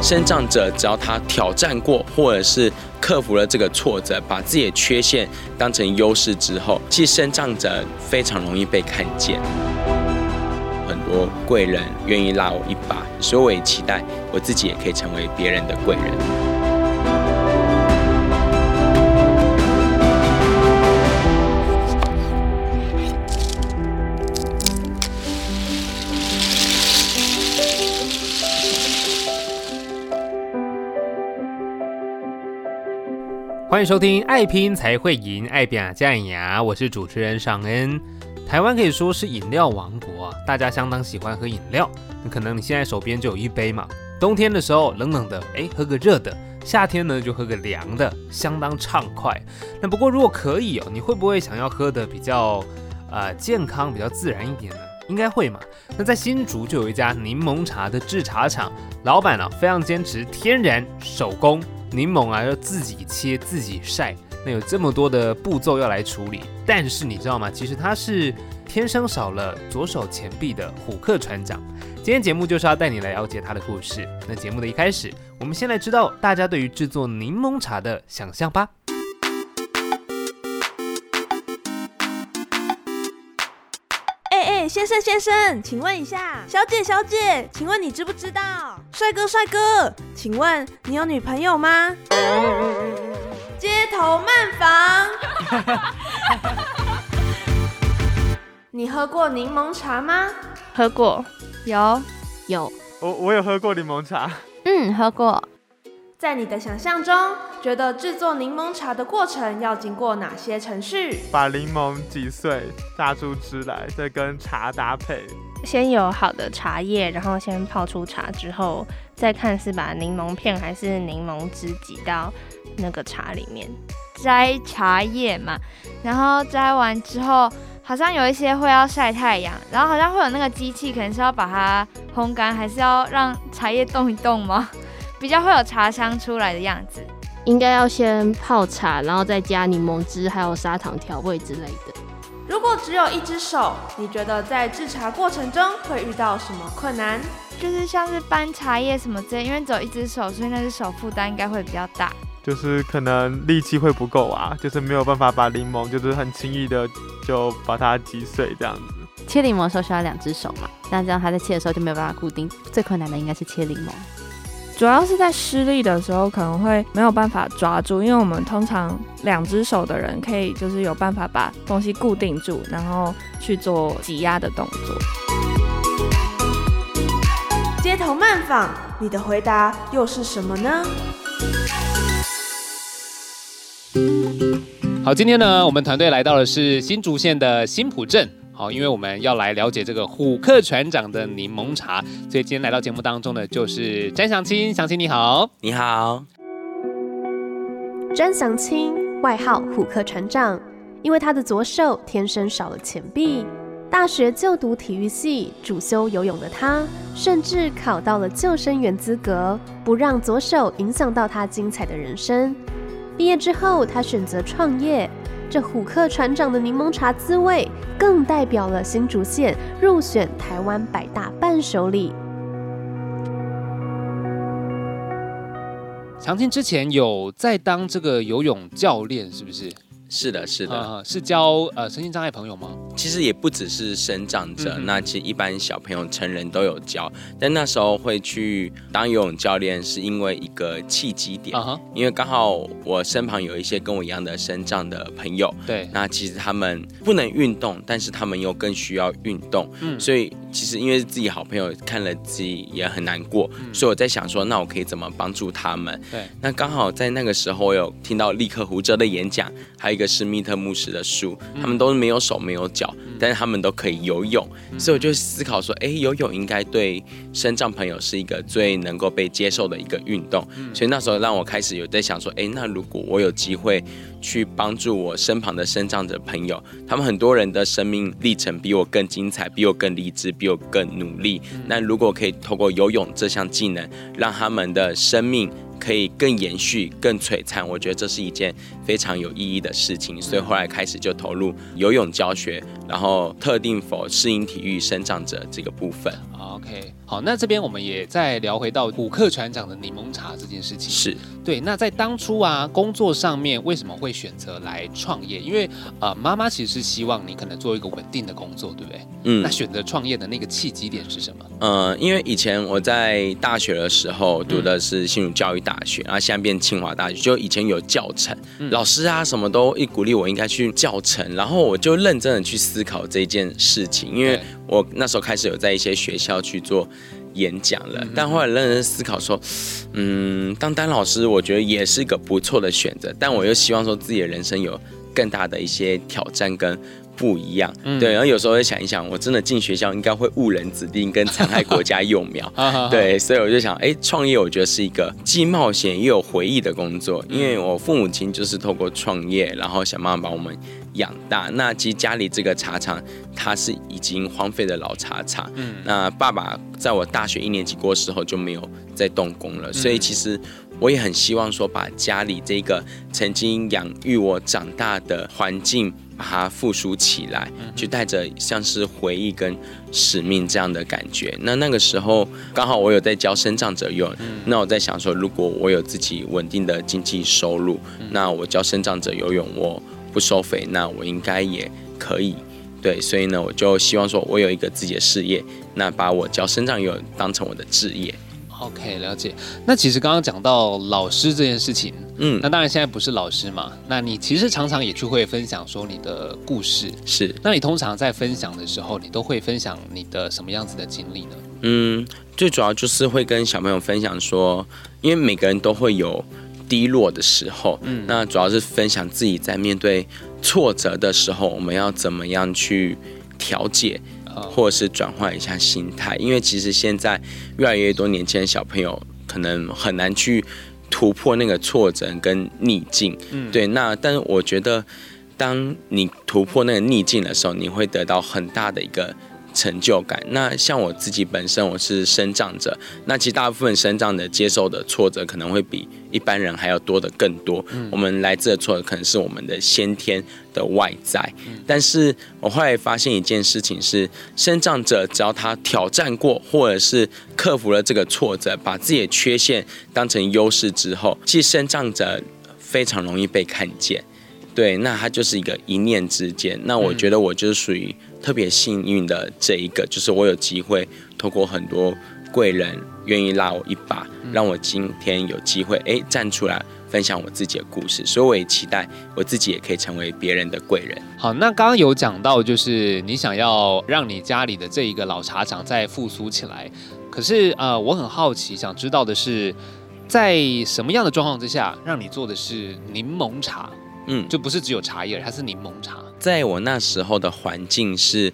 身障者，只要他挑戰過，或者是克服了這個挫折，把自己的缺陷當成優勢之後，其實身障者非常容易被看見。很多貴人願意拉我一把，所以我也期待我自己也可以成為別人的貴人。歡迎收聽《愛拼才會贏》，愛拼加醬牙，我是主持人尚恩。台灣可以說是飲料王國，大家相當喜歡喝飲料。那可能你現在手邊就有一杯嘛。冬天的時候冷冷的，哎，喝個熱的；夏天呢，就喝個涼的，相當暢快。那不過如果可以哦，你會不會想要喝的比較，呃，健康、比較自然一點呢？應該會嘛。那在新竹就有一家檸檬茶的製茶廠，老闆呢、啊、非常堅持天然手工。檸檬啊，要自己切，自己曬，那有這麼多的步驟要來處理。但是你知道嗎？其實他是天生少了左手前臂的虎克船長。今天節目就是要帶你來了解他的故事。那節目的一開始，我們先來知道大家對於制作檸檬茶的想象吧。先生先生，請問一下。小姐小姐，請問你知不知道？帥哥帥哥，請問你有女朋友嗎？ 街頭漫訪。你喝過檸檬茶嗎？喝過，有，有。有我我有喝過檸檬茶。嗯，喝過。在你的想象中，覺得製作檸檬茶的過程要經過哪些程序？把檸檬擠碎，榨出汁來，再跟茶搭配。先有好的茶葉，然後先泡出茶之後，再看是把檸檬片還是檸檬汁擠到那個茶裡面。摘茶葉嘛，然後摘完之後，好像有一些會要曬太陽，然後好像會有那個機器，可能是要把它烘乾，還是要讓茶葉動一動嗎？比較會有茶香出來的樣子，應該要先泡茶，然後再加檸檬汁，還有砂糖調味之類的。如果只有一隻手，你覺得在製茶過程中會遇到什麼困難？就是像是搬茶葉什麼之類，因為只有一隻手，所以那隻手負擔應該會比較大。就是可能力氣會不夠啊，就是沒有辦法把檸檬就是很輕易的就把它擠碎這樣子。切檸檬的時候需要兩隻手嘛，那這樣他在切的時候就沒有辦法固定。最困難的應該是切檸檬。主要是在施力的時候，可能會沒有辦法抓住，因為我們通常兩隻手的人，可以就是有辦法把東西固定住，然後去做擠壓的動作。街頭漫訪，你的回答又是什麼呢？好，今天呢，我們團隊來到的是新竹縣的新埔鎮。好，因為我們要來了解這個虎克船長的檸檬茶，所以今天來到節目當中的就是詹翔欽。翔欽你好，你好。詹翔欽外號虎克船長，因為他的左手天生少了前臂，大學就讀體育系，主修游泳的他，甚至考到了救生員資格，不讓左手影響到他精彩的人生。畢業之後，他選擇創業。這虎克船長的檸檬茶滋味，更代表了新竹縣入選台灣百大伴手禮。翔欽之前有在當這個游泳教練，是不是？是的，是的，uh huh. 是教呃身心障礙朋友嗎？其實也不只是身障者，嗯、哼那其實一般小朋友、成人都有教。但那時候會去當游泳教練，是因為一個契機點，uh huh. 因為剛好我身旁有一些跟我一樣的身障的朋友，對，那其實他們不能運動，但是他們又更需要運動，嗯，所以其實因為自己好朋友看了自己也很難過，嗯、所以我在想說，那我可以怎麼幫助他們？對，那剛好在那個時候，我有聽到力克胡哲的演講，還有。一個是密特牧師的書，他們都是沒有手沒有腳，嗯、但是他們都可以游泳，嗯、所以我就思考說，哎，游泳應該對身障朋友是一個最能夠被接受的一個運動。嗯、所以那時候讓我開始有在想說，哎，那如果我有機會去幫助我身旁的身障者朋友，他們很多人的生命歷程比我更精彩，比我更勵志，比我更努力。嗯、那如果可以透過游泳這項技能，讓他們的生命可以更延續、更璀璨，我覺得這是一件非常有意義的事情，所以後來開始就投入游泳教學，然後特定否適應體育生長者這個部分。OK，好，那這邊我們也再聊回到虎克船長的檸檬茶這件事情。是對。那在當初啊，工作上面為什麼會選擇來創業？因為、呃、媽媽其實是希望你可能做一個穩定的工作，對不對？嗯。那選擇創業的那個契機點是什麼？呃、因為以前我在大學的時候讀的是新竹教育大學，嗯、然後現在變清華大學，就以前有教程，嗯。老師啊，什麼都一鼓勵我應該去教程。然後我就認真的去思考這件事情，因為我那時候開始有在一些學校去做演講了，嗯、哼但後來認真思考說，嗯，當丹老師我覺得也是個不錯的選擇，但我又希望說自己的人生有更大的一些挑戰跟。不一樣，嗯、對，然後有時候會想一想，我真的進學校應該會誤人子弟跟殘害國家幼苗， 對，所以我就想，哎、欸，創業我覺得是一個既冒險又有回憶的工作，嗯、因為我父母親就是透過創業，然後想辦法把我們養大。那其實家裡這個茶廠它是已經荒廢的老茶廠，嗯、那爸爸在我大學一年級過時候就沒有再動工了，所以其實我也很希望說，把家裡這個曾經養育我長大的環境。把它復甦起來，就帶着像是回憶跟使命這樣的感覺。那那個時候剛好我有在教身障者游泳，嗯、那我在想說，如果我有自己穩定的經濟收入，嗯、那我教身障者游泳，我不收費，那我應該也可以。對，所以呢，我就希望說我有一個自己的事業，那把我教身障游泳當成我的職業。OK，了解。那其實剛剛講到老師這件事情，嗯，那當然現在不是老師嘛。那你其實常常也就會分享說你的故事，是？那你通常在分享的時候，你都會分享你的什麼樣子的經歷呢？嗯，最主要就是會跟小朋友分享說，因為每個人都會有低落的時候，嗯，那主要是分享自己在面對挫折的時候，我們要怎麼樣去調解。或者是轉換一下心態，因為其實現在越來越多年輕的小朋友可能很難去突破那個挫折跟逆境，嗯，對。那但是我覺得，當你突破那個逆境的時候，你會得到很大的一個。成就感。那像我自己本身，我是身障者。那其實大部分身障者接受的挫折，可能會比一般人還要多的更多。嗯、我們來自的挫折，可能是我們的先天的外在。嗯、但是我後來發現一件事情是，身障者只要他挑戰過，或者是克服了這個挫折，把自己的缺陷當成優勢之後，其實身障者非常容易被看見。對，那他就是一個一念之間。嗯、那我覺得我就是屬於。特別幸運的這一個，就是我有機會透過很多貴人願意拉我一把，嗯、讓我今天有機會哎、欸、站出來分享我自己的故事，所以我也期待我自己也可以成為別人的貴人。好，那剛剛有講到，就是你想要讓你家裡的這一個老茶廠再復甦起來，可是呃，我很好奇，想知道的是，在什麼樣的狀況之下，讓你做的是檸檬茶？嗯，就不是只有茶葉，它是檸檬茶。在我那時候的環境是，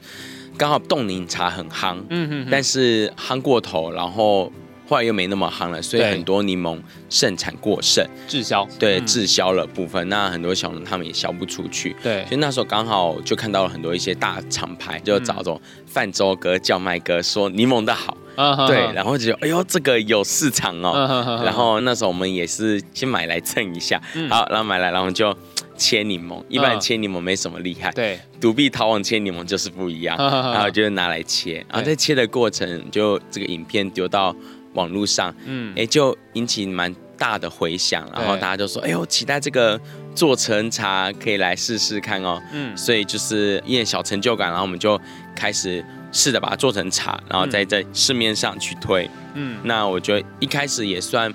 剛好凍檸茶很夯，嗯嗯，但是夯過頭，然後後來又沒那麼夯了，對所以很多檸檬盛產過剩，滯銷，對，滯銷的部分。嗯、那很多小農他們也銷不出去，對。所以那時候剛好就看到了很多一些大廠牌，就找這種泛舟哥叫賣哥說檸檬的好，嗯、對，然後就哎呦這個有市場哦。嗯、然後那時候我們也是先買來稱一下，嗯、好，然後買來然後就。切檸檬，一般切檸檬沒什麼厲害。Uh, 對，獨臂逃亡切檸檬就是不一樣。Uh, 然後就拿來切，uh, uh, 然後在切的過程對就這個影片丟到網路上，嗯，哎就引起蠻大的回響，對然後大家就說，哎呦，期待這個做成茶可以來試試看哦。嗯，所以就是一點小成就感，然後我們就開始試着把它做成茶，然後再在市面上去推。嗯，那我覺得一開始也算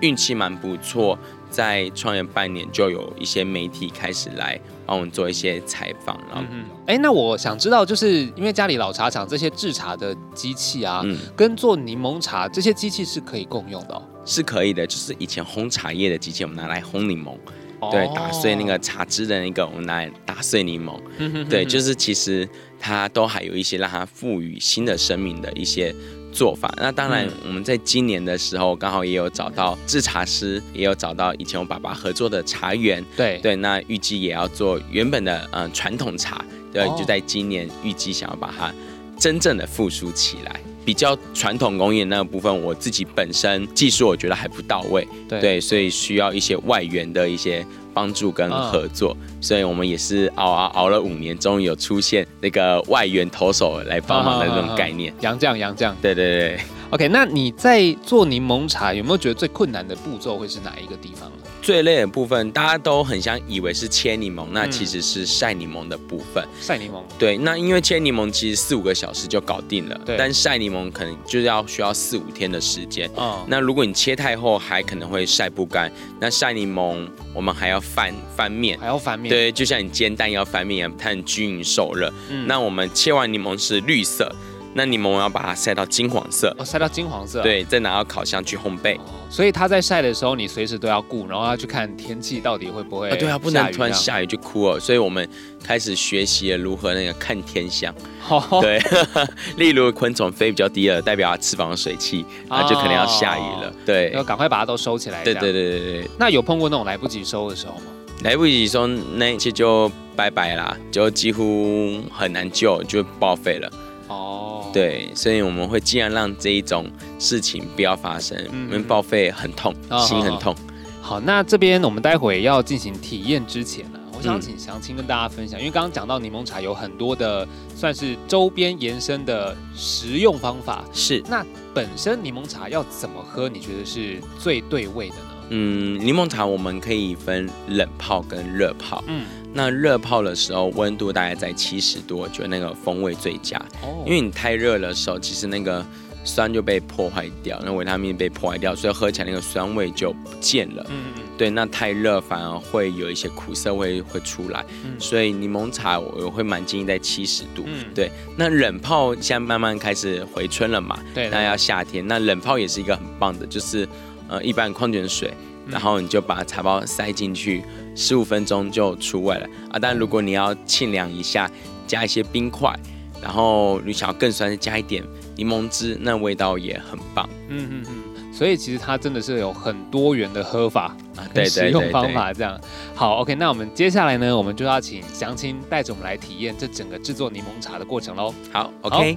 運氣蠻不錯。在創業半年，就有一些媒體開始來幫我們做一些採訪了。然後嗯，哎、欸，那我想知道，就是因為家裡老茶廠這些製茶的機器啊，嗯、跟做檸檬茶這些機器是可以共用的、哦。是可以的，就是以前烘茶葉的機器，我們拿來烘檸檬，哦、對，打碎那個茶汁的那個，我們拿來打碎檸檬。哦、對，就是其實它都還有一些讓它賦予新的生命的一些。做法，那當然，我們在今年的時候剛好也有找到製茶師，也有找到以前我爸爸合作的茶園，對對，那預計也要做原本的嗯、呃、傳統茶，對，哦、就在今年預計想要把它真正的復甦起來，比較傳統工藝那個部分，我自己本身技術我覺得還不到位，對，對，所以需要一些外援的一些。幫助跟合作，嗯、所以我們也是熬啊熬了五年，終於有出現那個外援投手來幫忙的那種概念，洋將、嗯，洋、嗯、將，嗯、對對對。OK，那你在做檸檬茶有沒有覺得最困難的步驟會是哪一個地方呢？最累的部分，大家都很想以為是切檸檬，那其實是曬檸檬的部分。嗯、曬檸檬。對，那因為切檸檬其實四五個小時就搞定了，對但晒檸檬可能就要需要四五天的時間。嗯、那如果你切太厚，還可能會曬不乾。那曬檸檬我們還要翻翻面，還要翻面。對，就像你煎蛋要翻面，不太均勻受熱。嗯。那我們切完檸檬是綠色。那你們要把它曬到金黃色，哦，曬到金黃色，對，再拿到烤箱去烘焙。哦，所以它在曬的時候，你隨時都要顧，然後要去看天氣到底會不會、哦。對啊，不能突然下雨就哭哦。所以我們開始學習如何那個看天象。哦，對，呵呵，例如昆蟲飛比較低了，代表它翅膀的水汽，它就可能要下雨了。哦，對，要趕快把它都收起來。對對對對對。那有碰過那種來不及收的時候嗎？來不及收，那一切就拜拜啦，就幾乎很難救，就報廢了。哦，oh. 對，所以我們會盡量讓這一種事情不要發生，因為報廢很痛，oh, 心很痛。Oh, oh, oh. 好，那這邊我們待會要進行體驗之前呢、啊，我想請翔欽、嗯、跟大家分享，因為剛剛講到檸檬茶有很多的算是周邊延伸的食用方法。是，那本身檸檬茶要怎麼喝？你覺得是最對味的呢？嗯，檸檬茶我們可以分冷泡跟熱泡。嗯。那熱泡的時候，溫度大概在七十度，我覺得那個風味最佳。哦。Oh. 因為你太熱的時候，其實那個酸就被破壞掉，那維他命被破壞掉，所以喝起來那個酸味就不見了。嗯嗯。對，那太熱反而會有一些苦澀會會出來。嗯。所以檸檬茶我會蠻建議在七十度。嗯。對，那冷泡現在慢慢開始回春了嘛？對了。那要夏天，那冷泡也是一個很棒的，就是呃，一般礦泉水。然後你就把茶包塞進去，十五分鐘就出味了啊！但如果你要沁涼一下，加一些冰塊，然後你想要更酸，加一點檸檬汁，那味道也很棒。嗯嗯嗯，所以其實它真的是有很多元的喝法啊，對，對，對，對，對使用方法這樣。好，OK，那我們接下來呢，我們就要請翔欽帶着我們來體驗這整個制作檸檬茶的過程嘍。好，OK。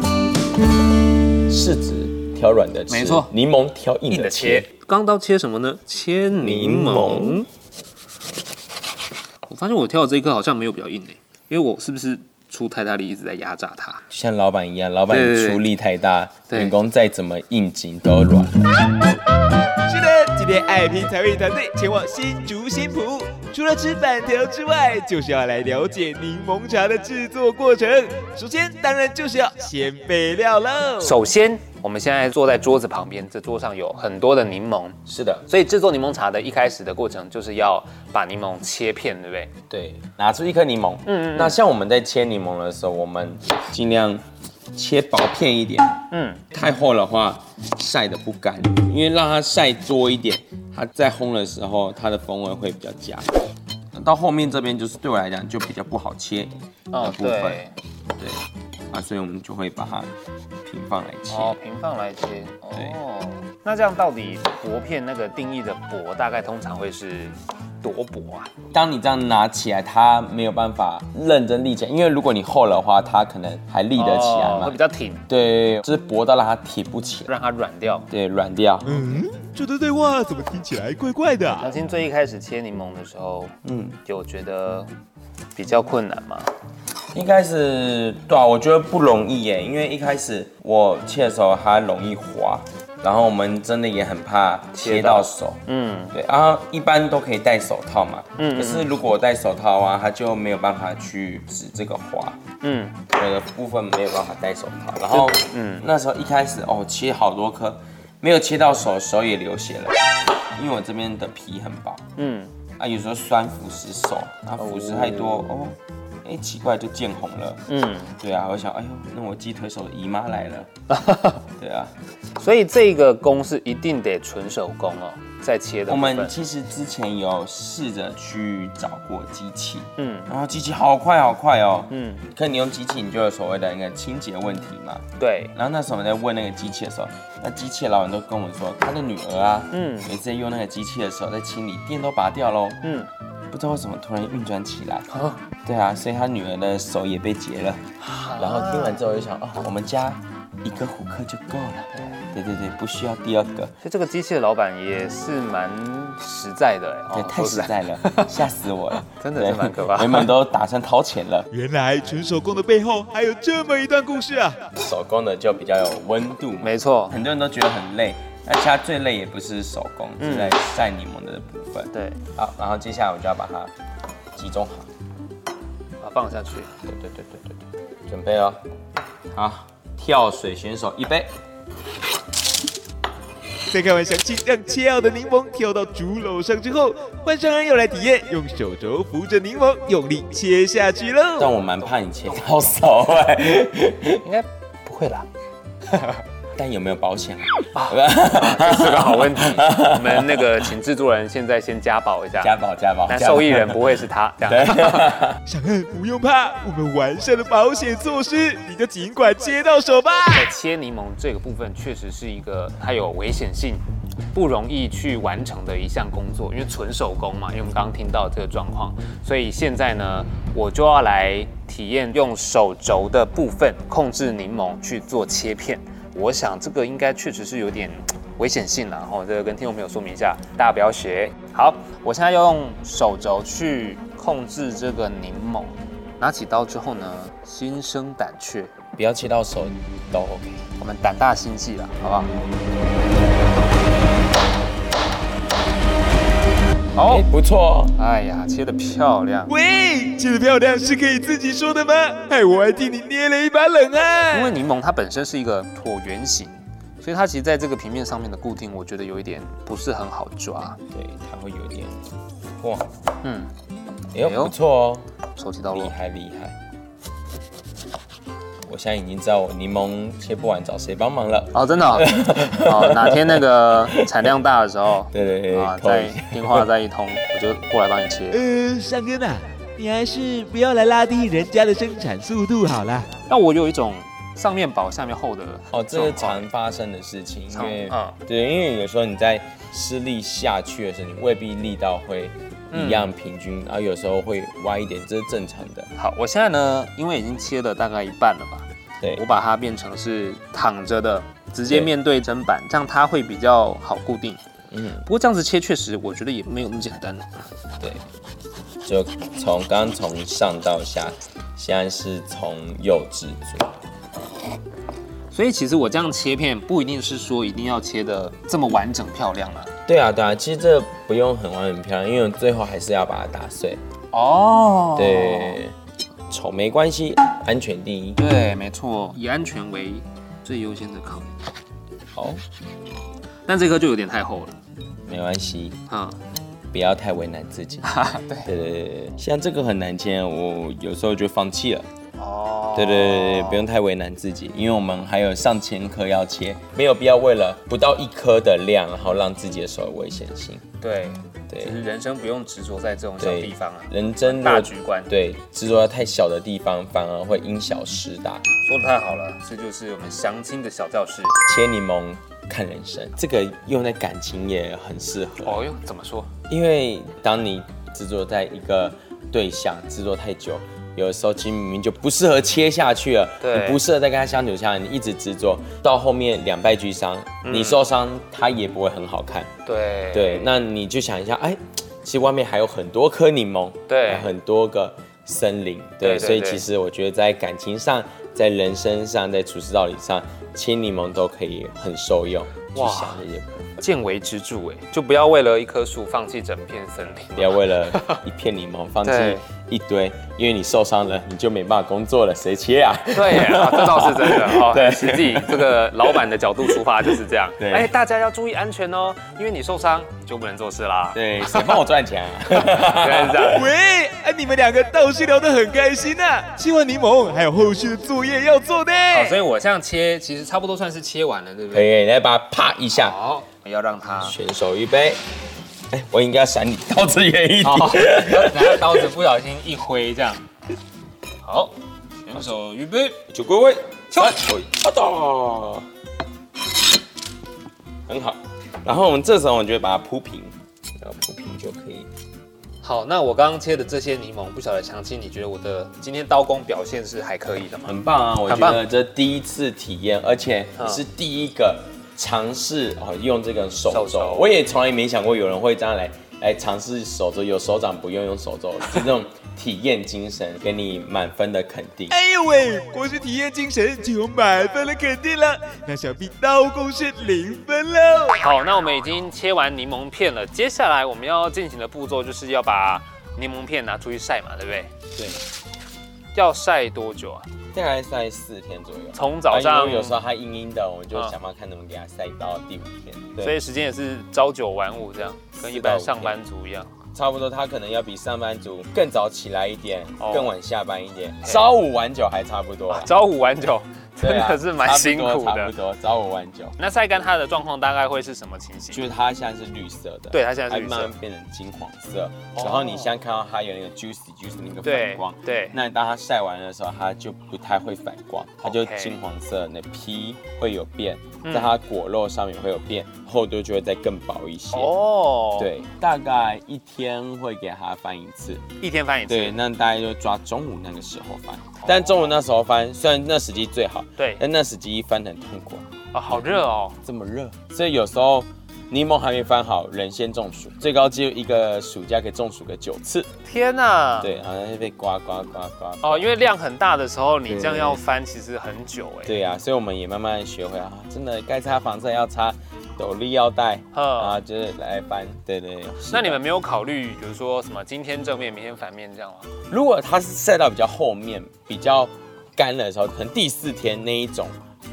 好柿子。挑軟的，沒錯錯。檸檬挑硬的切，鋼刀切，切什麼呢？切檸檬。檸檬我發現我挑的這顆好像沒有比較硬誒、欸，因為我是不是出太大力一直在壓榨它？像老闆一樣，老闆出力太大，員工再怎麼硬頸都軟。對嗯今天愛拼才會贏團隊前往新竹新埔。除了吃板條之外，就是要來了解檸檬茶的製作過程。首先當然就是要先備料嘍。首先，我們現在坐在桌子旁邊，這桌上有很多的檸檬，是的。所以製作檸檬茶的一開始的過程，就是要把檸檬切片，對不對？對，拿出一顆檸檬。嗯嗯。那像我們在切檸檬的時候，我們盡量。切薄片一點，嗯，太厚的話曬得不乾，因為讓它曬多一點，它在烘的時候它的風味會比較佳。到後面這邊就是對我來講就比較不好切，哦，部分，對。對啊，所以我們就會把它平放來切。哦，平放來切。對哦，那這樣到底薄片那個定義的薄，大概通常會是多薄啊？當你這樣拿起來，它沒有辦法認真立起來，因為如果你厚的話，它可能還立得起來嘛，哦，會比較挺。對，就是薄到讓它挺不起，讓它軟掉。對，軟掉。嗯，這段對話怎麼聽起來怪怪的？啊？尚恩最一開始切檸檬的時候，嗯，有覺得比較困難嗎？一開始對啊，我覺得不容易耶，因為一開始我切的時候它容易滑，然後我們真的也很怕切到手，到嗯，對，然後一般都可以戴手套嘛，嗯，嗯，可是如果我戴手套啊，它就沒有辦法去止這個滑，嗯，有的部分沒有辦法戴手套，然後，嗯，那時候一開始哦，切好多顆，沒有切到手，手也流血了，因為我這邊的皮很薄，嗯，啊，有時候酸腐蝕手，它腐蝕太多哦。哦一、欸、奇怪就見紅了，嗯，對啊，我想，哎呦，那我雞腿手的姨媽來了， 對啊，所以這個工是一定得純手工哦，在切的。我們其實之前有試着去找過機器，嗯，然後機器好快好快哦，嗯，可是你用機器你就有所謂的那個清潔問題嘛，對。然後那時候我們在問那個機器的時候，那機器的老人都跟我們說他的女兒啊，嗯，每次用那個機器的時候在清理，電都拔掉嘍，嗯。不知道為什麼突然運轉起來，對啊，所以他女兒的手也被截了。然後聽完之後就想，啊我們家一個虎克就夠了，對對對，不需要第二個。所以這個機器的老板也是蠻實在的，對，太實在了，嚇死我了，真的是蠻可怕。原本都打算掏錢了，原來純手工的背後還有這麼一段故事啊！手工的就比較有溫度，沒錯，很多人都覺得很累。而且它最累也不是手工，嗯、是在曬檸檬的部分。對，好，然後接下來我就要把它集中好，好放下去。對對對對對對，準備哦，好，跳水選手預備。在看完玩笑，讓切好的檸檬跳到竹簍上之後，換上人又來體驗，用手肘扶着檸檬，用力切下去嘍。但我蠻怕你切到手哎，應該不會啦。 但有沒有保險啊？啊，這是個好問題。 我們那個請制作人現在先加保一下。加保加保，但受益人不會是他加保這樣。尚對 恩不用怕，我們完善的保險措施，你就儘管接到手吧。切檸檬這個部分，確實是一個它有危險性、不容易去完成的一項工作，因為純手工嘛。因為我們剛剛聽到這個狀況，所以現在呢，我就要來體驗用手肘的部分控制檸檬去做切片。我想這個應該確實是有點危險性了，然後這個跟聽眾朋友說明一下，大家不要學。好，我現在要用手肘去控制這個檸檬，拿起刀之後呢，心生膽怯，不要切到手，都 OK。我們膽大心細了，好不好？好、哦欸，不錯、哦。哎呀，切得漂亮。喂，切得漂亮是可以自己說的嗎？哎，我還替你捏了一把冷汗。因為檸檬它本身是一個橢圓形，所以它其實在這個平面上面的固定，我覺得有一點不是很好抓。對，它會有一點。哇，嗯，沒有錯哦，起刀厲害厲害。厲害我現在已經知道我檸檬切不完找誰幫忙了。哦，真的哦。 哦，哪天那個產量大的時候，對對對，啊、哦，空 再電話再一通， 我就過來幫你切。嗯、呃，三哥吶，你還是不要來拉低人家的生產速度好了。但我有一種上面薄下面厚的。哦，這是常發生的事情，因為，哦嗯、對，因為有時候你在施力下去的時候，你未必力道會。一樣平均，然後、嗯啊、有時候會歪一點，這是正常的。好，我現在呢，因為已經切了大概一半了吧，對，我把它變成是躺着的，直接面對砧板，對這樣它會比較好固定。嗯，不過這樣子切確實，我覺得也沒有那麼簡單。對，就從剛從上到下，現在是從右至左。所以，所以其實我這樣切片，不一定是說一定要切得這麼完整漂亮了。對啊，對啊，其實這不用很完很漂亮，因為最後還是要把它打碎。哦，oh. 對，醜沒關係，安全第一。對，沒錯，以安全為最優先的考量。好，oh. 但這個就有點太厚了。沒關係，Huh. 不要太為難自己。對， 對對對，像這個很難切，我有時候就放棄了。哦。Oh. 對對，對，對，不用太為難自己，因為我們還有上千顆要切，沒有必要為了不到一顆的量，然後讓自己的手有危險性。對對，就對是人生不用執着在這種小地方啊，人真的大局觀。對，執着在太小的地方，反而會因小失大。說得太好了，這就是我們相親的小教室，切檸檬看人生，這個用在感情也很適合。哦喲，怎麼說？因為當你執着在一個對象，執着太久。有的時候，其實，明明就不適合切下去了，對你不適合再跟他相處下來，你一直執着到後面兩敗俱傷，嗯、你受傷，他也不會很好看。對對，那你就想一下，哎，其實外面還有很多顆檸檬，對，還有很多個森林，對，對對對對，所以其實我覺得在感情上，在人生上，在處事道理上，青檸檬都可以很受用。哇健為支柱，哎，就不要為了一棵樹放棄整片森林，不要為了一片檸檬放棄一堆， 對因為你受傷了，你就沒辦法工作了，誰切啊？對啊，這倒是真的。哦好，對，實際這個老闆的角度出發就是這樣。對，哎、欸，大家要注意安全哦、喔，因為你受傷就不能做事啦。對，誰幫我賺錢啊？ 對，喂，哎、啊，你們兩個倒是聊得很開心啊。切完檸檬還有後續的作業要做呢。所以我這樣切，其實差不多算是切完了，對不對？可以，來把它啪一下。好。要讓他選手一杯，我應該要閃你刀子遠一點，哦、 等一下刀子不小心一揮這樣，好，好 選手預備，就歸位，跳，很好。然後我們這時候，我覺得把它鋪平，然後鋪平就可以。好，那我剛剛切的這些檸檬，不曉得翔欽，你覺得我的今天刀工表現是還可以的嗎？很棒啊，我覺得這第一次體驗，而且你是第一個。嘗試用這個手肘，我也從來沒想過有人會這樣來來嘗試手肘，有手掌不用用手肘，這種體驗精神，給你滿分的肯定。哎呦喂，我是體驗精神就有滿分的肯定了，那想必刀工是零分嘍？好，那我們已經切完檸檬片了，接下來我們要進行的步驟就是要把檸檬片拿出去曬嘛，對不對？對。要曬多久啊？大概曬四天左右，啊。從早上、啊、有時候它陰陰的，我們就想辦法看能不能給它曬到第五天。面面所以時間也是朝九晚五這樣，跟一般上班族一樣，啊。差不多，它可能要比上班族更早起來一點，哦、更晚下班一點。哦、朝五晚九還差不多，啊啊。朝五晚九。真的是蠻辛苦的、啊，差不多，早五晚九。那曬乾它的狀況大概會是什麼情形？就是它現在是綠色的，對，它現在是綠色，慢慢變成金黃色。哦、然後你現在看到它有那個 juicy juicy 那個反光，對。對那你當它曬完了的時候，它就不太會反光，Okay 它就金黃色。那皮會有變，在它果肉上面會有變，厚度就會再更薄一些。哦，對，大概一天會給它翻一次，一天翻一次。對，那大概就抓中午那個時候翻。但中午那時候翻，雖然那時機最好，對，但那時機一翻很痛苦啊！好熱哦，這麼熱，所以有時候檸檬還沒翻好，人先中暑，最高就一個暑假可以中暑個九次。天啊，對，好像是被刮刮刮刮刮刮哦，因為量很大的時候，你這樣要翻其實很久哎。對啊，所以我們也慢慢學會啊，真的該擦防曬要擦。斗笠要戴，啊呵，然後就是來，來翻，對對，那你們沒有考慮，比如說什麼今天正面，明天反面這樣嗎？如果它是曬到比較後面、比較乾了的時候，可能第四天那一種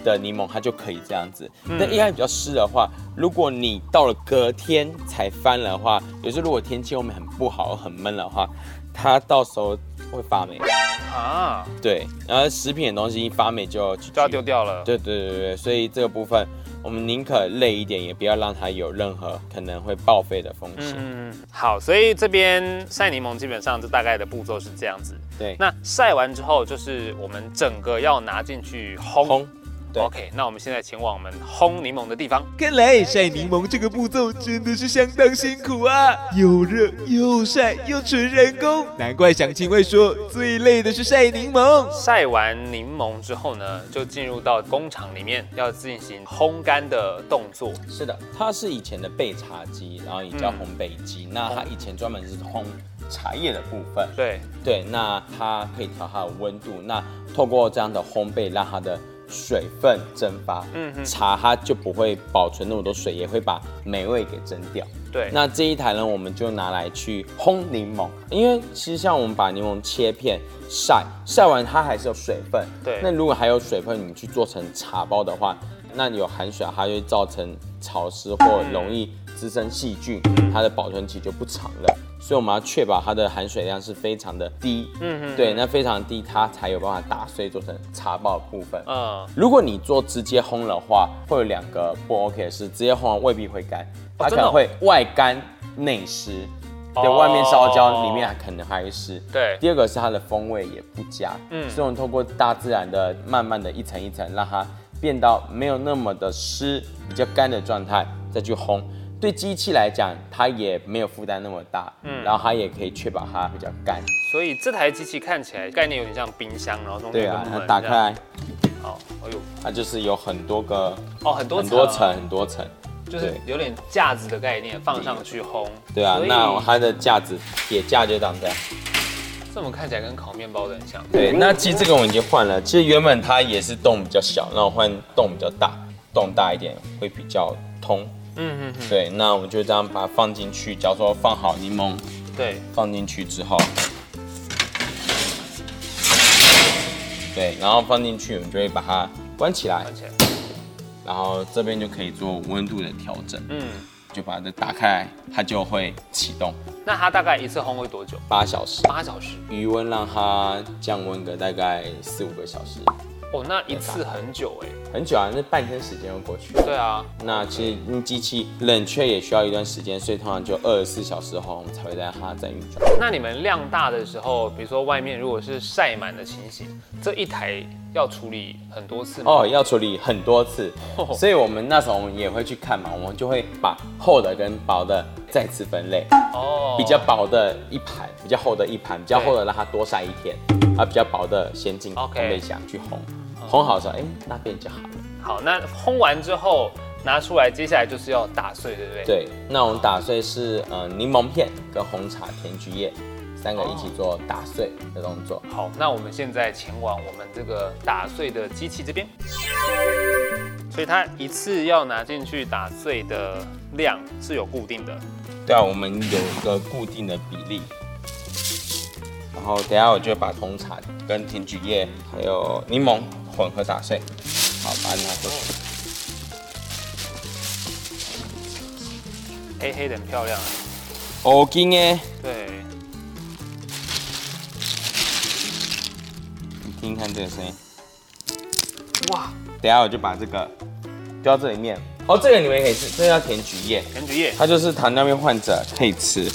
的檸檬它就可以這樣子。那、嗯、一開始比較濕的話，如果你到了隔天才翻的話，有時候如果天氣後面很不好、很悶的話，它到時候會發霉。啊？對，然後食品的東西一發霉就就要丟掉了。對，對對對對，所以這個部分。我們寧可累一點，也不要讓它有任何可能會報廢的風險。嗯，好，所以這邊曬檸檬基本上就大概的步驟是這樣子。對，那曬完之後就是我們整個要拿進去烘。烘對 OK，那我們現在前往我們烘檸檬的地方。看來曬檸檬這個步驟真的是相當辛苦啊，又熱又曬又純人工，難怪翔欽會說最累的是曬檸檬。曬完檸檬之後呢，就進入到工廠裡面要進行烘乾的動作。是的，它是以前的焙茶機，然後也叫烘焙機。嗯、那它以前專門是烘茶葉的部分。對對，那它可以調它的溫度。那透過這樣的烘焙，讓它的水分蒸發，嗯哼茶它就不會保存那麼多水，也會把美味給蒸掉。對，那這一台呢，我們就拿來去烘檸檬，因為其實像我們把檸檬切片曬，曬完它還是有水分。對，那如果還有水分，你去做成茶包的話，那有含水啊，它就會造成潮濕或容易滋生細菌，它的保存期就不長了。所以我們要確保它的含水量是非常的低，嗯，嗯，對，那非常低，它才有辦法打碎做成茶包部分，嗯，如果你做直接烘的話，會有兩個不 OK 的事：直接烘未必會乾，哦、它可能會外乾內濕，哦、對，外面燒焦，裡面還可能還濕。對、哦，第二個是它的風味也不佳，嗯對，所以我們透過大自然的慢慢的一層一層，讓它變到沒有那麼的濕，比較乾的狀態再去烘。對機器來講，它也沒有負擔那麼大，嗯，然後它也可以確保它比較乾。所以這台機器看起來概念有點像冰箱，然後從對啊，它打開。樣好，哎呦，它就是有很多個哦，很多、很多層，很多層，就是有點架子的概念，放上去烘。對啊，以那它的架子鐵架就這樣。這麼看起來跟烤麵包的很像？對，那其實這個我已經換了，其實原本它也是洞比較小，然後換洞比較大，洞大一點會比較通。嗯嗯，對，那我們就這樣把它放進去，假如說放好檸檬，對，放進去之後，對，然後放進去，我們就會把它關起來，關起來，然後這邊就可以做溫度的調整，嗯，就把它打開，它就會啟動。那它大概一次烘會多久？八小時，八小時，餘溫讓它降溫個大概四五個小時。哦、那一次很久哎、欸啊，很久啊，那半天時間就過去了。對啊，那其實因機器冷卻也需要一段時間，所以通常就二十四小時後我們才會讓它再運轉。那你們量大的時候，比如說外面如果是曬滿的情形，這一台要處理很多次嗎？哦，要處理很多次，所以我們那時候也會去看嘛，我們就會把厚的跟薄的再次分類。哦，比較薄的一盤，比較厚的一盤，比較厚的讓它多曬一天，而對、啊、比較薄的先進後備想去烘。烘好之後，哎、欸，那邊就好了。好，那烘完之後拿出來，接下來就是要打碎，對不對？對。那我們打碎是呃檸檬片、跟紅茶、甜菊葉，三個一起做打碎的動作，哦。好，那我們現在前往我們這個打碎的機器這邊。所以它一次要拿進去打碎的量是有固定的。對，對啊，我們有一個固定的比例。然後等下我就把紅茶跟、跟甜菊葉還有檸檬。混合打碎，好，把它拿去，哦。黑黑的很漂亮啊。哦，金的。對。你聽，聽看這個聲音。哇！等下我就把這個丟到這裡面。哦，這個你們也可以吃，這個叫甜菊葉。甜菊葉，它就是糖尿病患者可以吃。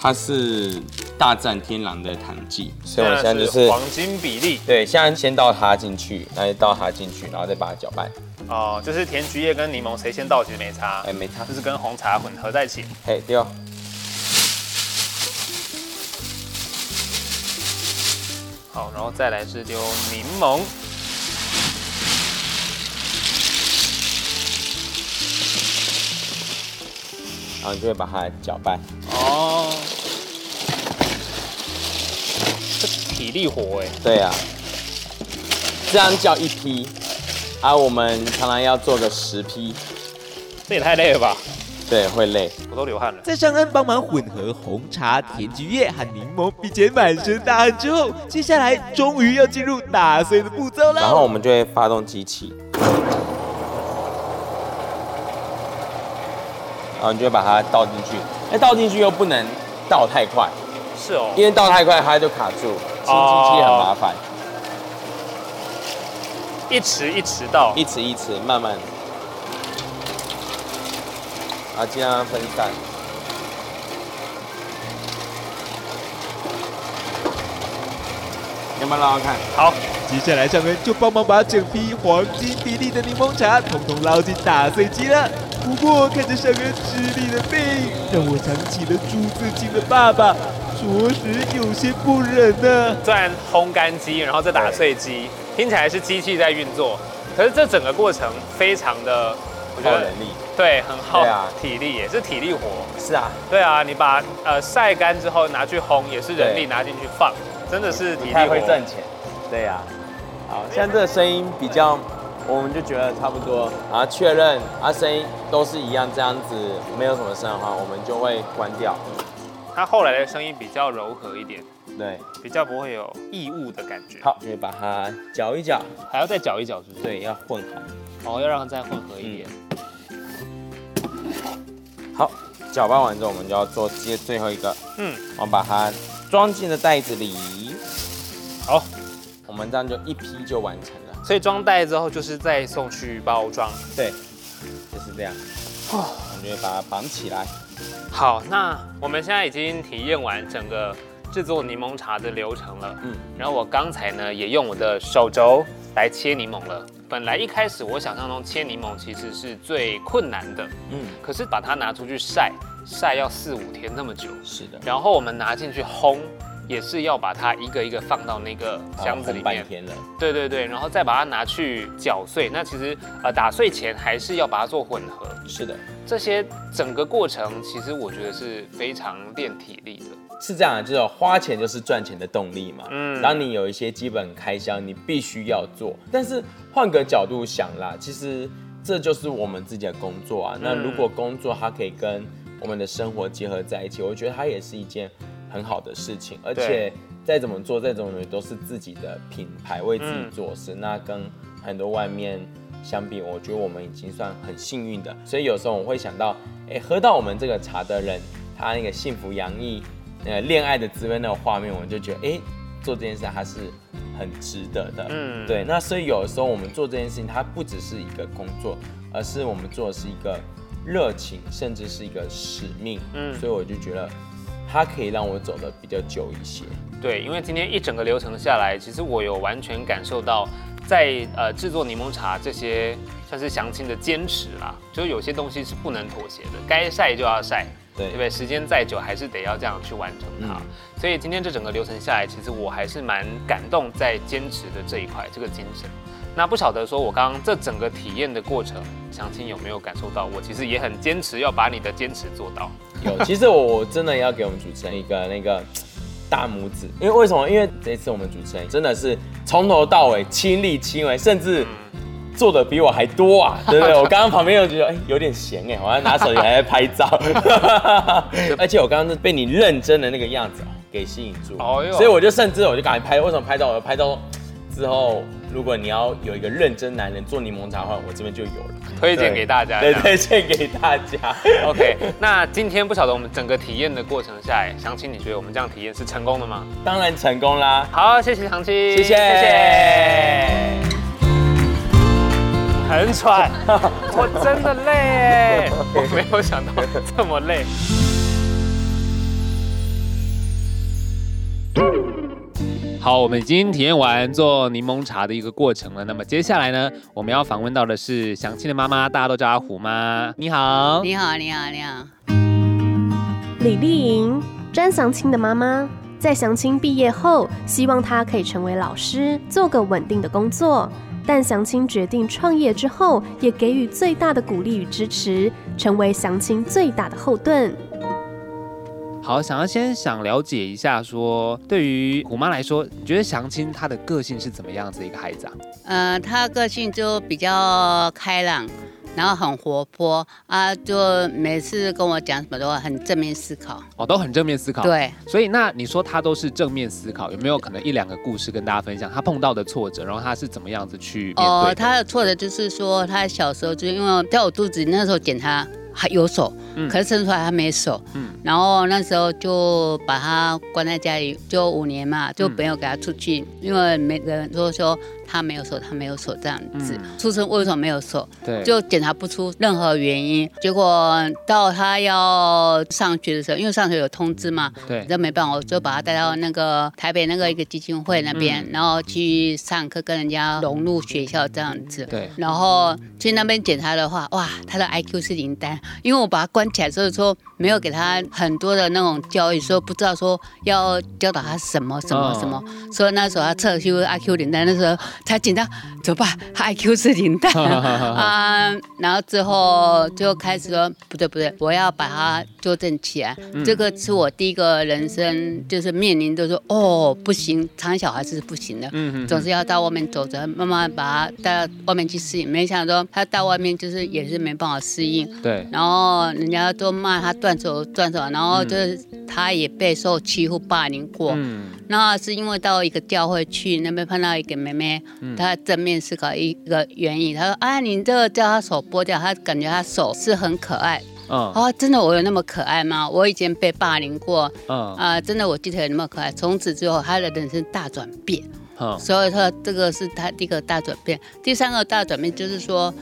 它是。大戰天狼的糖劑，所以我現在就是黃金比例。對，現在先倒它進去，再倒它進去，然後再把它攪拌。哦，這、就是甜菊葉跟檸檬，誰先倒其實沒差。哎，沒差。這、欸、是跟紅茶混合在一起。嘿，丟、哦。好，然後再來是丟檸檬，然後你就會把它攪拌。哦。體力，力活哎、欸，對呀、啊，這樣叫一批，而、啊、我們常常要做個十批，這也太累了吧？對，會累，我都流汗了。在尚恩幫忙混合紅茶、甜菊葉和檸檬，並且滿身大汗之後，接下來終於要進入打碎的步驟了。然後我們就會發動機器，然後你就會把它倒進去。倒進去又不能倒太快，是哦，因為倒太快它就卡住。清機器很麻煩，一池一池倒，一池一池，慢慢，阿杰慢慢分擔。你們撈撈看好，接下來，尚恩就幫忙把整批黃金比例的檸檬茶，通通撈進打碎機了。不過看着像個吃力的背影，讓我想起了朱自清的爸爸，着實有些不忍呢、啊。雖然烘乾機，然後再打碎機，對聽起來是機器在運作，可是這整個過程非常的，我覺得人力對很耗、啊、體力也是體力活。是啊，對啊，你把呃曬乾之後拿去烘，也是人力拿進去放，對真的是體力活，不太會賺錢。對啊，好對像這個聲音比較。我們就覺得差不多，啊確認，啊聲音都是一樣，這樣子沒有什麼事的話，我們就會關掉。它後來的聲音比較柔和一點，對，比較不會有異物的感覺。好，就是把它攪一攪，還要再攪一攪，是不是？對，要混合。哦，要讓它再混合一點。嗯、好，攪拌完之後，我們就要做接最後一個，嗯，我們把它裝進了袋子裡。好，我們這樣就一批就完成。所以裝袋之後就是再送去包裝，對，就是這樣。哦，我們把它綁起來。好，那我們現在已經體驗完整個製作檸檬茶的流程了。嗯，然後我剛才呢也用我的手肘來切檸檬了。本來一開始我想象中切檸檬其實是最困難的。嗯，可是把它拿出去曬，曬要四五天那麼久。是的。然後我們拿進去烘。也是要把它一個一個放到那個箱子裡面，對對對，然後再把它拿去攪碎。那其實呃，打碎前還是要把它做混合。是的，這些整個過程其實我覺得是非常練體力的。是這樣的、啊，就是花錢就是賺錢的動力嘛。嗯。當你有一些基本開銷，你必須要做。但是換個角度想啦，其實這就是我們自己的工作啊。那如果工作它可以跟我們的生活結合在一起，我覺得它也是一件。很好的事情，而且再怎麼做，再怎麼努力都是自己的品牌，為自己做事。嗯、那跟很多外面相比，我覺得我們已經算很幸運的。所以有時候我會想到，哎、欸，喝到我們這個茶的人，他那個幸福洋溢，那戀愛的滋味那個畫面，我們就覺得，哎、欸，做這件事還是很值得的。嗯，對。那所以有的時候我們做這件事情，它不只是一個工作，而是我們做的是一個熱情，甚至是一個使命。嗯，所以我就覺得。它可以讓我走得比較久一些。對，因為今天一整個流程下來，其實我有完全感受到在，在呃製作檸檬茶這些算是詳情的堅持啦，就是有些東西是不能妥協的，該曬就要曬，對，對不對？時間再久還是得要這樣去完成它。嗯，所以今天這整個流程下來，其實我還是蠻感動在堅持的這一塊這個精神。那不曉得說，我剛剛這整個體驗的過程，翔欽有沒有感受到我？我其實也很堅持要把你的堅持做到。有，其實我真的要給我們主持人一個那個大拇指，因為為什麼？因為這次我們主持人真的是從頭到尾親力親為，甚至做的比我還多啊，對不對？ 我剛剛旁邊又覺得哎、欸、有點閒哎、欸，我要拿手機還在拍照， 而且我剛剛是被你認真的那個樣子啊給吸引住，oh, 有所以我就甚至我就趕緊拍，為什麼拍到我拍到？之後，如果你要有一個認真男人做檸檬茶的話，我這邊就有了，推薦給,給大家，對，推薦給大家。OK，那今天不曉得我們整個體驗的過程下來，翔欽，你覺得我們這樣體驗是成功的嗎？當然成功啦！好，謝謝翔欽，謝謝謝謝。謝謝很喘， 我真的累，我沒有想到這麼累。好，我們已經體驗完做檸檬茶的一個過程了。那麼接下來呢，我們要訪問到的是祥親的媽媽，大家都叫阿虎嗎？你好，你好，你好，你好，李麗瑩，詹祥青的媽媽，在祥親畢業後，希望她可以成為老師，做個穩定的工作。但祥親決定創業之後，也給予最大的鼓勵與支持，成為祥親最大的後盾。好，想要先想了解一下說，說對於虎媽來說，你覺得翔欽他的個性是怎麼樣子一個孩子啊？呃，他個性就比較開朗，然後很活潑啊，就每次跟我講什麼都很正面思考。哦，都很正面思考。對，所以那你說他都是正面思考，有沒有可能一兩個故事跟大家分享他碰到的挫折，然後他是怎麼樣子去面對？哦，他的挫折就是說他小時候就因為在我肚子那時候撿他。還有手，可是生出來他沒手，嗯、然後那時候就把他關在家裡，就五年嘛，就沒有給他出去，嗯、因為每個人都說。他沒有手，他沒有手這樣子，出、嗯、生為什麼沒有手？對，就檢查不出任何原因。結果到他要上學的時候，因為上學有通知嘛，對，那沒辦法，我就把他帶到那個台北那個一個基金會那邊，嗯、然後去上課，跟人家融入學校這樣子。對，然後去那邊檢查的話，哇，他的 IQ 是零蛋，因為我把他關起來，所以說沒有給他很多的那種教育，說不知道說要教導他什麼什麼什麼。哦、所以那時候他測出 IQ 零蛋，那時候。他緊張，走吧，他 IQ 是零蛋啊。然後之後就開始說，不對不對，我要把他糾正起來。嗯、這個是我第一個人生就是面臨，都說哦不行，藏小孩子是不行的，嗯、哼總是要到外面走着，慢慢把他帶到外面去適應。沒想到他到外面就是也是沒辦法適應。對，然後人家都罵他斷手斷手，然後就是他也備受欺負霸凌過。那、嗯、是因為到一個教會去，那邊碰到一個妹妹。他、嗯、正面思考一個原因，他說：“啊，你這個叫他手剝掉，他感覺他手是很可愛。哦、啊，真的我有那麼可愛嗎？我以前被霸凌過。啊、哦呃，真的我記得有那麼可愛。從此之後，他的人生大轉變。哦、所以說，這個是他第一個大轉變。第三個大轉變就是說。”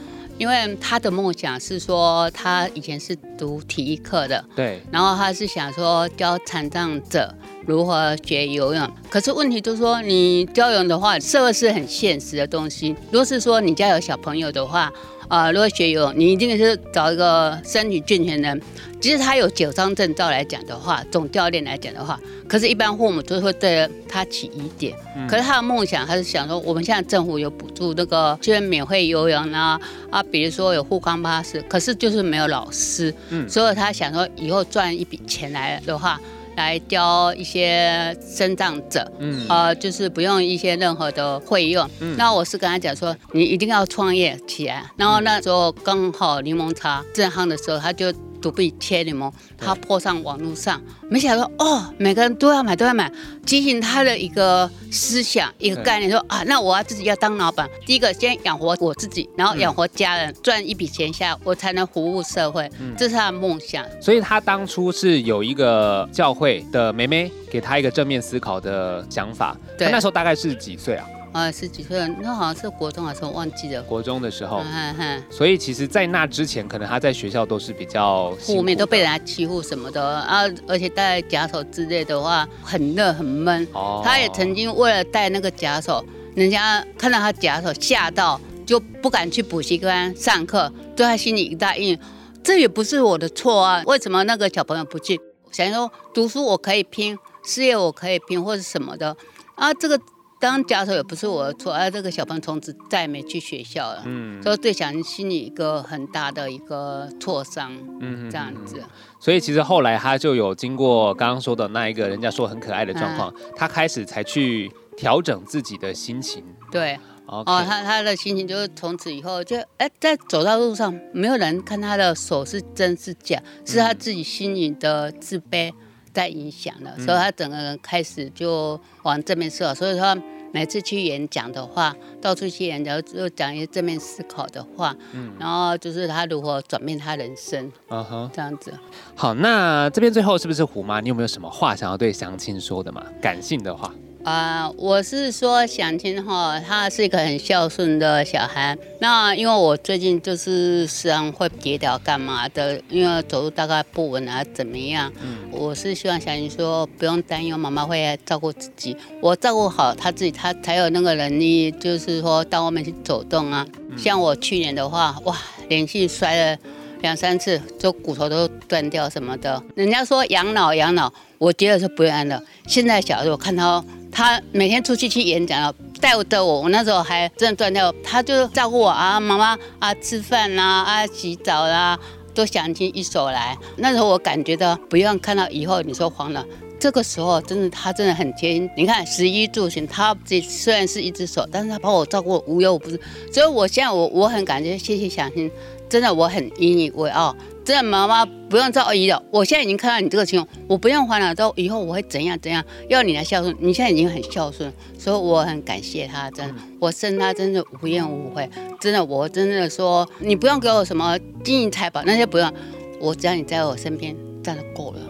因為他的夢想是說，他以前是讀體育課的，對，然後他是想說教殘障者如何學游泳。可是問題就是說，你教游泳的話，社會是很現實的東西。如果是說你家有小朋友的話，啊，如果學游泳，你一定是找一個身體健全人。其實他有九張證照來講的話，總教練來講的話，可是一般父母都會對他起疑點。嗯、可是他的夢想，還是想說，我們現在政府有補助那個，居然免費游泳呢啊，啊，比如說有復康巴士，可是就是沒有老師，嗯、所以他想說以後賺一筆錢來的話。來教一些身障者，嗯，呃，就是不用一些任何的費用。嗯、那我是跟他講說，你一定要創業起來。嗯、然後那時候剛好檸檬茶正夯的時候，他就。都被切檸檬，他破上網絡上，對沒想到哦，每個人都要買，都要買，提醒他的一個思想，一個概念，對說啊，那我要自己要當老闆，第一個先養活我自己，然後養活家人，嗯、賺一筆錢下來，我才能服務社會，嗯、這是他的夢想。所以他當初是有一個教會的妹妹給他一個正面思考的想法。對，他那時候大概是幾歲啊？啊，十幾歲，那好像是國中還是我忘記了。國中的時候，啊啊、所以其實，在那之前，可能他在學校都是比較，負面，都被人家欺負什麼的啊。而且戴假手之類的話，很熱很悶。哦、他也曾經為了戴那個假手，人家看到他假手嚇到，就不敢去補習班上課，對他心裡一大印。這也不是我的錯啊，為什麼那個小朋友不去？想說，讀書我可以拼，事業我可以拼，或者什麼的啊，這個。當假手也不是我的錯，而、啊、這個小朋友從此再也沒去學校了，嗯、所以對小鵬心裡一個很大的一個挫傷，嗯、這樣子。所以其實後來他就有經過剛剛說的那一個人家說很可愛的狀況，嗯、他開始才去調整自己的心情。嗯、對，Okay 哦，他他的心情就是從此以後就哎，在走到路上沒有人看他的手是真是假，嗯、是他自己心裡的自卑。在影響了，嗯、所以他整個人開始就往正面思考。所以說每次去演講的話，到處去演講，就講一些正面思考的話。嗯，然後就是他如何轉變他人生。嗯哼、uh，huh、這樣子。好，那這邊最後是不是虎媽？你有沒有什麼話想要對鄉親說的嘛？感性的話。啊，uh, 我是說想，小欽哈，他是一個很孝順的小孩。那因為我最近就是時常會跌倒幹嘛的，因為走路大概不穩啊，怎麼樣？嗯，我是希望小欽說不用擔憂，媽媽會照顧自己。我照顧好他自己，他才有那個能力，就是說到外面去走動啊。像我去年的話，哇，連續摔了兩三次，就骨頭都斷掉什麼的。人家說養老養老，我覺得是不會安的。現在小孩，我看到。他每天出去去演講了，帶的我，我，我那時候還真轉掉，他就照顧我啊，媽媽啊，吃飯啦、啊，啊，洗澡啦、啊，都翔欽一手來。那時候我感覺到，不用看到以後，你說黃了。這個時候真的，他真的很貼心。你看，衣食住行，他雖然是一隻手，但是他把我照顧無憂無慮，所以我現在我我很感覺謝謝翔欽。真的我，我很以你為傲。真的，媽媽不用造恩了。我現在已經看到你這個情況，我不用還了。之後以後我會怎樣怎樣？要你來孝順，你現在已經很孝順，所以我很感謝他。真的，我生他真的無怨無悔。真的，我真的說，你不用給我什麼金銀財寶，那些不用，我只要你在我身邊，這樣就夠了。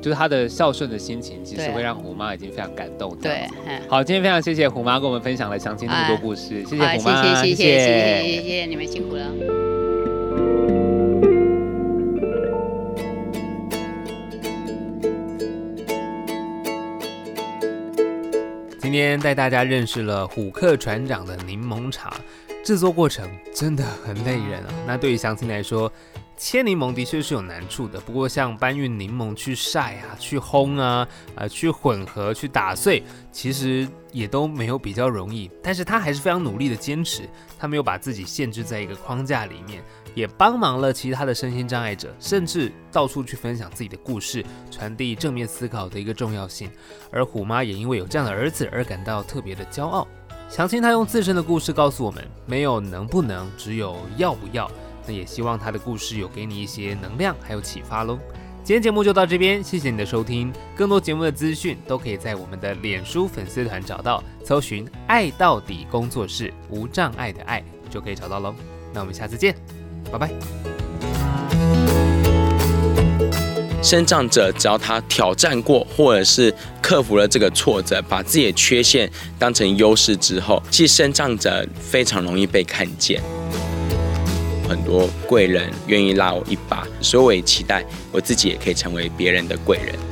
就是他的孝順的心情，其實會讓虎媽已經非常感動的。對，好，今天非常謝謝虎媽跟我們分享了翔欽那麼多故事，謝謝虎媽，謝謝謝謝謝謝你們辛苦了。今天帶大家認識了虎克船長的檸檬茶制作過程，真的很累人啊。那對於翔欽來說，切檸檬的確是有難處的，不過像搬運檸檬去曬啊、去烘啊、啊、去混合、去打碎，其實也都沒有比較容易。但是他還是非常努力的堅持，他沒有把自己限制在一個框架裡面，也幫忙了其他的身心障礙者，甚至到處去分享自己的故事，傳遞正面思考的一個重要性。而虎媽也因為有這樣的兒子而感到特別的驕傲。翔欽他用自身的故事告訴我們，沒有能不能，只有要不要。那也希望他的故事有給你一些能量，還有啟發嘍。今天節目就到這邊，謝謝你的收聽。更多節目的資訊都可以在我們的臉書粉絲團找到，搜尋“礙到底工作室無障礙的礙”就可以找到嘍。那我們下次見，拜拜。身障者只要他挑戰過，或者是克服了這個挫折，把自己的缺陷當成優勢之後，其實身障者非常容易被看見。很多貴人願意拉我一把，所以我也期待我自己也可以成為別人的貴人。